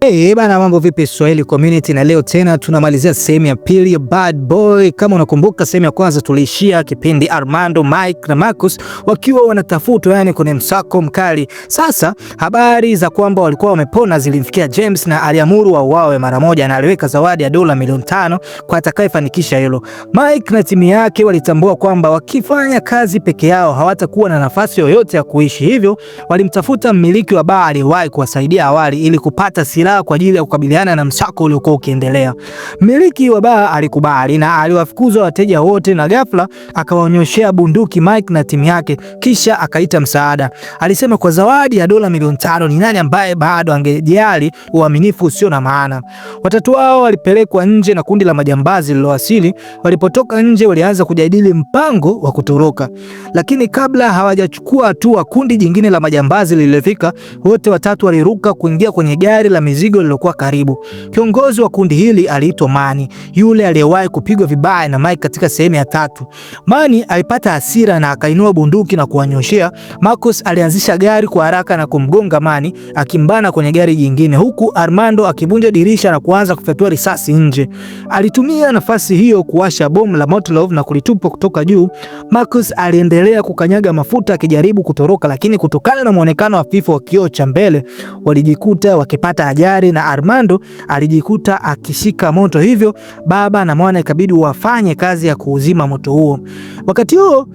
Hey, bana mambo vipi Swahili community, na leo tena tunamalizia sehemu ya pili ya Bad Boy. Kama unakumbuka sehemu ya kwanza tuliishia kipindi Armando, Mike na Marcus wakiwa wanatafutwa yani kwenye msako mkali. Sasa habari za kwamba walikuwa wamepona zilimfikia James na aliamuru wauawe mara moja, na aliweka zawadi ya dola milioni tano kwa atakayefanikisha hilo. Mike na timu yake walitambua kwamba wakifanya kazi peke yao hawatakuwa na nafasi yoyote ya kuishi, hivyo walimtafuta mmiliki wa baa aliyewahi kuwasaidia awali ili kupata sila silaha kwa ajili ya kukabiliana na msako uliokuwa ukiendelea. Mmiliki wa baa alikubali na aliwafukuza wateja wote, na ghafla akawaonyoshea bunduki Mike na timu yake, kisha akaita msaada. Alisema kwa zawadi ya dola milioni tano ni nani ambaye bado angejali uaminifu usio na maana. Watatu wao walipelekwa nje na kundi la majambazi lililowasili. Walipotoka nje, walianza kujadili mpango wa kutoroka, lakini kabla hawajachukua hatua, kundi jingine la majambazi lilifika. Wote watatu waliruka kuingia kwenye gari la mizigo lilokuwa karibu. Kiongozi wa kundi hili aliitwa Mani, yule aliyewahi kupigwa vibaya na Mike katika sehemu ya tatu. Mani alipata hasira na akainua bunduki na kuwanyoshea. Marcus alianzisha gari kwa haraka na kumgonga Mani akimbana kwenye gari jingine, huku Armando akivunja dirisha na kuanza kufyatua risasi nje. Alitumia nafasi hiyo kuwasha bomu la Molotov na kulitupa kutoka juu. Marcus aliendelea kukanyaga mafuta akijaribu kutoroka, lakini kutokana na muonekano hafifu wa kioo cha mbele walijikuta wakipata ajali gari na Armando alijikuta akishika moto, hivyo baba na mwana ikabidi wafanye kazi ya kuuzima moto huo. Wakati huo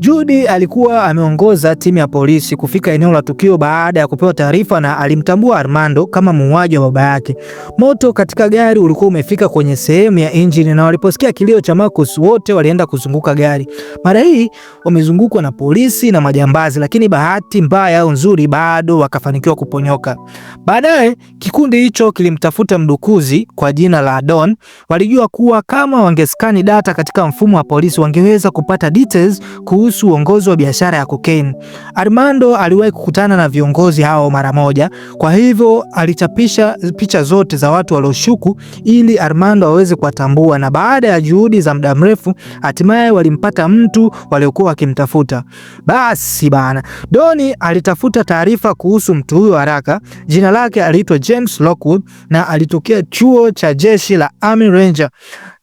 Judy alikuwa ameongoza timu ya polisi kufika eneo la tukio baada ya kupewa taarifa na alimtambua Armando kama muuaji wa baba yake. Moto katika gari ulikuwa umefika kwenye sehemu ya injini na waliposikia kilio cha Marcus wote walienda kuzunguka gari. Mara hii wamezungukwa na polisi na majambazi, lakini bahati mbaya au nzuri bado wakafanikiwa kuponyoka. Baadaye kikundi hicho kilimtafuta mdukuzi kwa jina la Don. Walijua kuwa kama wangeskani data katika mfumo wa polisi wangeweza kupata details kuhusu kuhusu uongozi wa biashara ya cocaine. Armando aliwahi kukutana na viongozi hao mara moja, kwa hivyo alichapisha picha zote za watu walioshuku ili Armando aweze kuwatambua, na baada ya juhudi za muda mrefu, hatimaye walimpata mtu waliokuwa wakimtafuta. Basi bana, Doni alitafuta taarifa kuhusu mtu huyo haraka. Jina lake aliitwa James Lockwood na alitokea chuo cha jeshi la Army Ranger.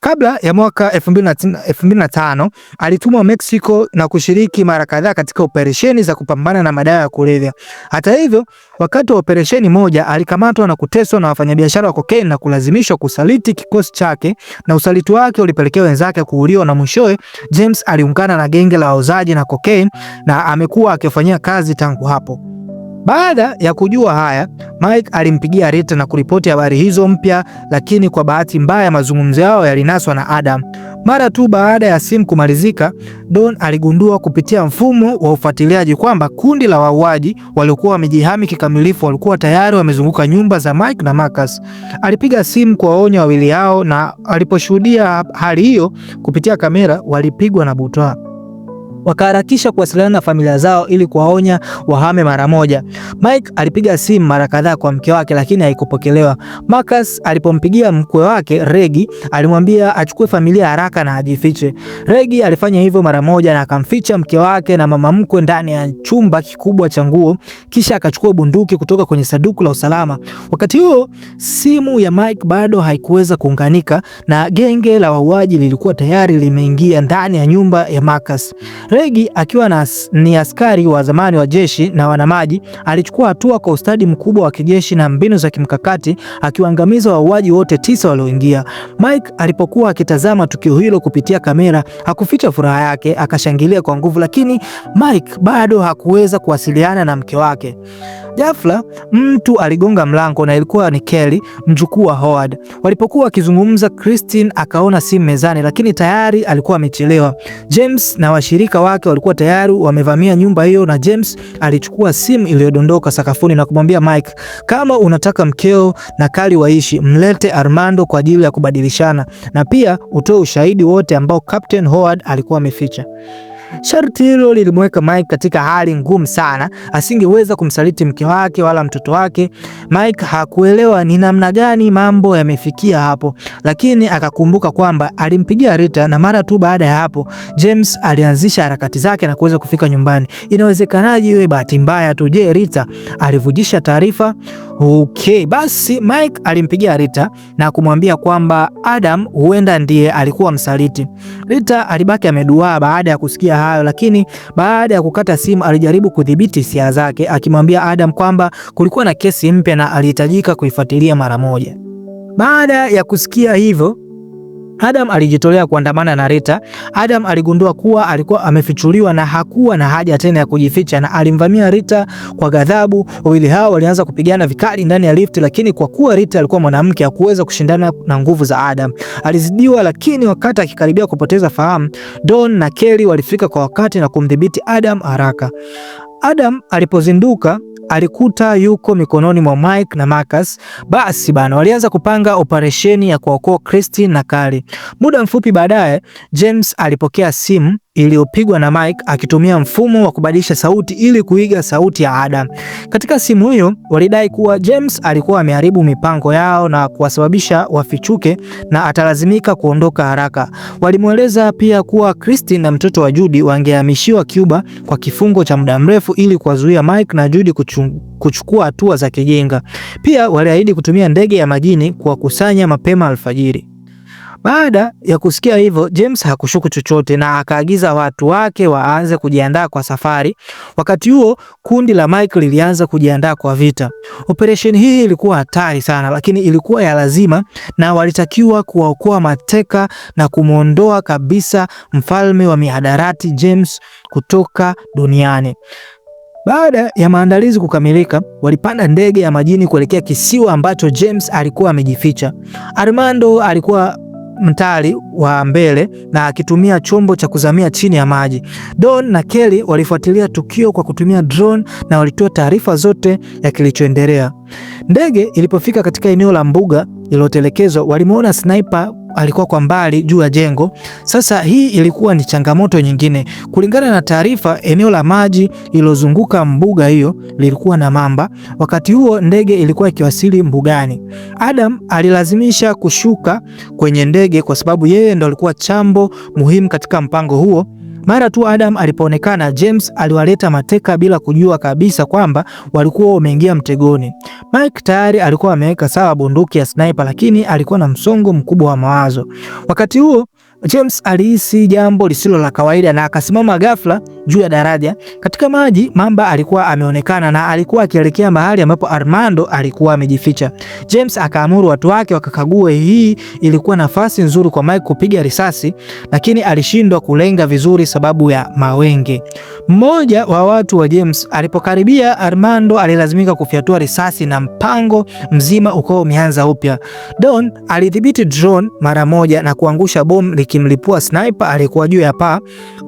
Kabla ya mwaka 2005 alitumwa Mexico na kushiriki mara kadhaa katika operesheni za kupambana na madawa ya kulevya. Hata hivyo, wakati wa operesheni moja alikamatwa na kuteswa na wafanyabiashara wa kokaini na kulazimishwa kusaliti kikosi chake, na usaliti wake ulipelekea wenzake kuuliwa, na mwishowe James aliungana na genge la wauzaji na kokaini na amekuwa akifanyia kazi tangu hapo. Baada ya kujua haya, Mike alimpigia Rita na kuripoti habari hizo mpya, lakini kwa bahati mbaya mazungumzo yao yalinaswa na Adam. Mara tu baada ya simu kumalizika, Don aligundua kupitia mfumo wa ufuatiliaji kwamba kundi la wauaji waliokuwa wamejihami kikamilifu walikuwa tayari wamezunguka nyumba za Mike na Marcus. Alipiga simu kuwaonya wawili hao, na aliposhuhudia hali hiyo kupitia kamera, walipigwa na butwaa wakaharakisha kuwasiliana na familia zao ili kuwaonya wahame mara moja. Mike alipiga simu mara kadhaa kwa mke wake lakini haikupokelewa. Marcus alipompigia mkwe wake Regi alimwambia achukue familia haraka na ajifiche. Regi alifanya hivyo mara moja na akamficha mke wake na mama mkwe ndani ya chumba kikubwa cha nguo, kisha akachukua bunduki kutoka kwenye sanduku la usalama. Wakati huo simu ya Mike bado haikuweza kuunganika na genge la wauaji lilikuwa tayari limeingia ndani ya nyumba ya Marcus. Regi akiwa na, ni askari wa zamani wa jeshi na wanamaji, alichukua hatua kwa ustadi mkubwa wa kijeshi na mbinu za kimkakati, akiwaangamiza wauaji wote tisa walioingia. Mike alipokuwa akitazama tukio hilo kupitia kamera, hakuficha furaha yake, akashangilia kwa nguvu, lakini Mike bado hakuweza kuwasiliana na mke wake. Ghafla mtu aligonga mlango na ilikuwa ni Kelly, mjukuu wa Howard. Walipokuwa wakizungumza, Christine akaona simu mezani, lakini tayari alikuwa amechelewa. James na washirika wake walikuwa tayari wamevamia nyumba hiyo, na James alichukua simu iliyodondoka sakafuni na kumwambia Mike, kama unataka mkeo na Kali waishi, mlete Armando kwa ajili ya kubadilishana, na pia utoe ushahidi wote ambao Captain Howard alikuwa ameficha. Sharti hilo lilimweka Mike katika hali ngumu sana. Asingeweza kumsaliti mke wake wala mtoto wake. Mike hakuelewa ni namna gani mambo yamefikia hapo, lakini akakumbuka kwamba alimpigia Rita na mara tu baada ya hapo James alianzisha harakati zake na kuweza kufika nyumbani. Inawezekanaje iwe bahati mbaya tu? Je, Rita alivujisha taarifa? Okay, basi Mike alimpigia Rita na kumwambia kwamba Adam huenda ndiye alikuwa msaliti. Rita alibaki ameduaa baada ya kusikia hayo, lakini baada ya kukata simu alijaribu kudhibiti hisia zake akimwambia Adam kwamba kulikuwa na kesi mpya na alihitajika kuifuatilia mara moja. Baada ya kusikia hivyo Adam alijitolea kuandamana na Rita. Adam aligundua kuwa alikuwa amefichuliwa na hakuwa na haja tena ya kujificha na alimvamia Rita kwa ghadhabu. Wawili hao walianza kupigana vikali ndani ya lift, lakini kwa kuwa Rita alikuwa mwanamke hakuweza kushindana na nguvu za Adam. Alizidiwa, lakini wakati akikaribia kupoteza fahamu, Don na Kelly walifika kwa wakati na kumdhibiti Adam haraka. Adam alipozinduka alikuta yuko mikononi mwa Mike na Marcus. Basi bana, walianza kupanga operesheni ya kuokoa Christine na Kali. Muda mfupi baadaye, James alipokea simu iliyopigwa na Mike akitumia mfumo wa kubadilisha sauti ili kuiga sauti ya Adam. Katika simu hiyo, walidai kuwa James alikuwa ameharibu mipango yao na kuwasababisha wafichuke na atalazimika kuondoka haraka. Walimweleza pia kuwa Christine na mtoto wa Judy wangehamishiwa Cuba kwa kifungo cha muda mrefu ili kuwazuia Mike na Judy kuchukua hatua za kijinga. Pia waliahidi kutumia ndege ya majini kuwakusanya mapema alfajiri. Baada ya kusikia hivyo, James hakushuku chochote na akaagiza watu wake waanze kujiandaa kwa safari. Wakati huo kundi la Mike lilianza kujiandaa kwa vita. Operesheni hii ilikuwa hatari sana, lakini ilikuwa ya lazima na walitakiwa kuwaokoa mateka na kumwondoa kabisa mfalme wa mihadarati James kutoka duniani. Baada ya maandalizi kukamilika, walipanda ndege ya majini kuelekea kisiwa ambacho James alikuwa amejificha. Armando alikuwa mtari wa mbele na akitumia chombo cha kuzamia chini ya maji. Don na Kelly walifuatilia tukio kwa kutumia drone na walitoa taarifa zote ya kilichoendelea. Ndege ilipofika katika eneo la mbuga lililotelekezwa, walimuona sniper alikuwa kwa mbali juu ya jengo. Sasa hii ilikuwa ni changamoto nyingine. Kulingana na taarifa, eneo la maji lilozunguka mbuga hiyo lilikuwa na mamba. Wakati huo ndege ilikuwa ikiwasili mbugani. Adam alilazimisha kushuka kwenye ndege kwa sababu yeye ndo alikuwa chambo muhimu katika mpango huo. Mara tu Adam alipoonekana, James aliwaleta mateka bila kujua kabisa kwamba walikuwa wameingia mtegoni. Mike tayari alikuwa ameweka sawa bunduki ya sniper, lakini alikuwa na msongo mkubwa wa mawazo. Wakati huo James alihisi jambo lisilo la kawaida na akasimama ghafla juu ya daraja katika maji. Mamba alikuwa ameonekana na alikuwa akielekea mahali ambapo Armando alikuwa amejificha. James akaamuru watu wake wakakague. Hii ilikuwa nafasi nzuri kwa Mike kupiga risasi, lakini alishindwa kulenga vizuri sababu ya mawenge. Mmoja wa watu wa James alipokaribia, Armando alilazimika kufyatua risasi na mpango mzima ukawa umeanza upya. Don alidhibiti drone mara moja na kuangusha bomu akimlipua sniper aliyekuwa juu ya paa.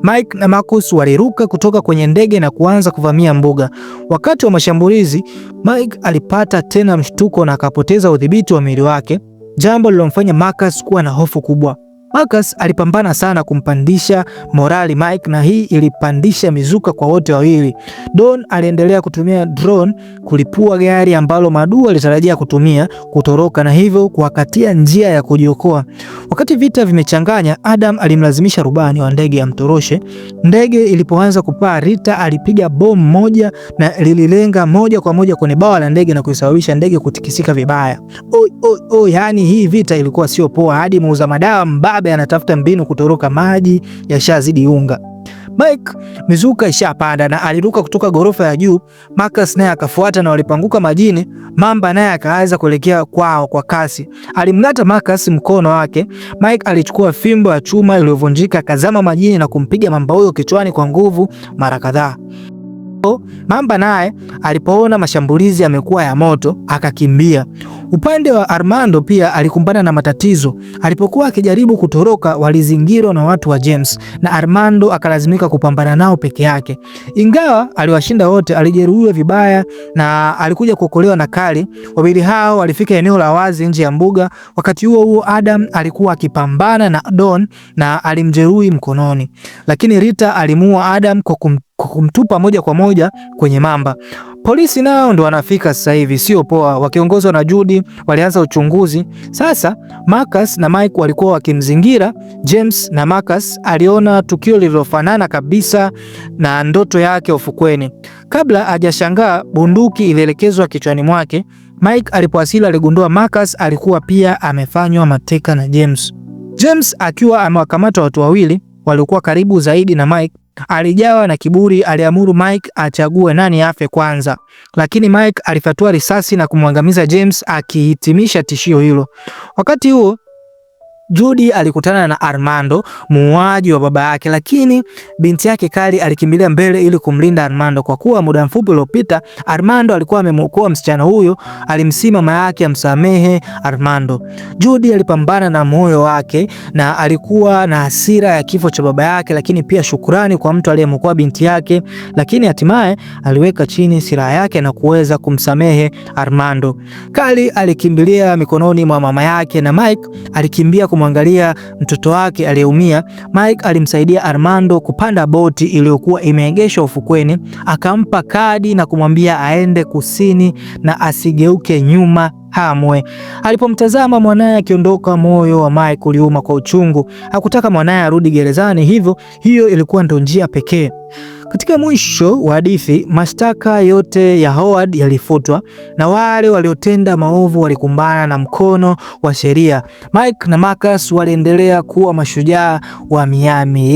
Mike na Marcus waliruka kutoka kwenye ndege na kuanza kuvamia mbuga. Wakati wa mashambulizi, Mike alipata tena mshtuko na akapoteza udhibiti wa mwili wake, jambo lilomfanya Marcus kuwa na hofu kubwa. Marcus alipambana sana kumpandisha morali Mike na hii ilipandisha mizuka kwa wote wawili. Don aliendelea kutumia drone kulipua gari ambalo Madu alitarajia kutumia kutoroka na hivyo kuwakatia njia ya kujiokoa. Wakati vita vimechanganya, Adam alimlazimisha rubani wa ndege amtoroshe. Ndege ilipoanza kupaa, Rita alipiga bomu moja na lililenga moja kwa moja kwenye bawa la ndege na kuisababisha ndege kutikisika vibaya. Oi, oi, oi, yani hii vita ilikuwa sio poa hadi muuza madawa mbabe labda anatafuta mbinu kutoroka maji yashazidi unga. Mike mizuka ishapanda na aliruka kutoka gorofa ya juu. Marcus naye akafuata na walipanguka majini. Mamba naye akaanza kuelekea kwao kwa kasi. Alimnata Marcus mkono wake. Mike alichukua fimbo ya chuma iliyovunjika akazama majini na kumpiga mamba huyo kichwani kwa nguvu mara kadhaa. Mamba naye alipoona mashambulizi yamekuwa ya moto akakimbia. Upande wa Armando pia alikumbana na matatizo. Alipokuwa akijaribu kutoroka, walizingirwa na watu wa James na Armando akalazimika kupambana nao peke yake. Ingawa aliwashinda wote, alijeruhiwa vibaya na alikuja kuokolewa na Kali. Wawili hao walifika eneo la wazi nje ya mbuga. Wakati huo huo, Adam alikuwa akipambana na Don na alimjeruhi mkononi, lakini Rita alimuua Adam kwa kum, kumtupa moja kwa moja kwenye mamba. Polisi nao ndo wanafika sasa hivi, sio poa, wakiongozwa na Judy walianza uchunguzi. Sasa Marcus na Mike walikuwa wakimzingira James, na Marcus aliona tukio lililofanana kabisa na ndoto yake ufukweni. Kabla hajashangaa, bunduki ilielekezwa kichwani mwake. Mike alipowasili aligundua Marcus alikuwa pia amefanywa mateka na James. James akiwa amewakamata watu wawili waliokuwa karibu zaidi na Mike Alijawa na kiburi, aliamuru Mike achague nani afe kwanza, lakini Mike alifyatua risasi na kumwangamiza James akihitimisha tishio hilo. Wakati huo Judy alikutana na Armando, muuaji wa baba yake, lakini binti yake Kali alikimbilia mbele ili kumlinda Armando kwa kuwa muda mfupi uliopita Armando alikuwa amemwokoa msichana huyo, alimsima mama yake amsamehe Armando. Judy alipambana na moyo wake na alikuwa na hasira ya kifo cha baba yake, lakini pia shukrani kwa mtu aliyemwokoa binti yake, lakini hatimaye aliweka chini silaha yake na kuweza kumsamehe Armando. Kali alikimbilia mikononi mwa mama yake na Mike alikimbia kumwangalia mtoto wake aliyeumia, Mike alimsaidia Armando kupanda boti iliyokuwa imeegeshwa ufukweni, akampa kadi na kumwambia aende kusini na asigeuke nyuma hamwe. Alipomtazama mwanaye akiondoka, moyo wa Mike uliuma kwa uchungu. Hakutaka mwanaye arudi gerezani, hivyo hiyo ilikuwa ndio njia pekee. Katika mwisho wa hadithi, mashtaka yote ya Howard yalifutwa na wale waliotenda maovu walikumbana na mkono wa sheria. Mike na Marcus waliendelea kuwa mashujaa wa Miami.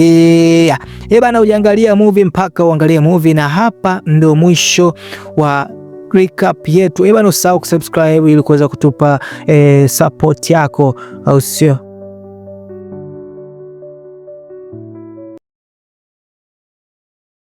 Yeah. Eba eh na ujaangalia movie mpaka uangalie movie na hapa ndio mwisho wa recap yetu. Eba, eh usahau kusubscribe ili kuweza kutupa eh, support yako au sio?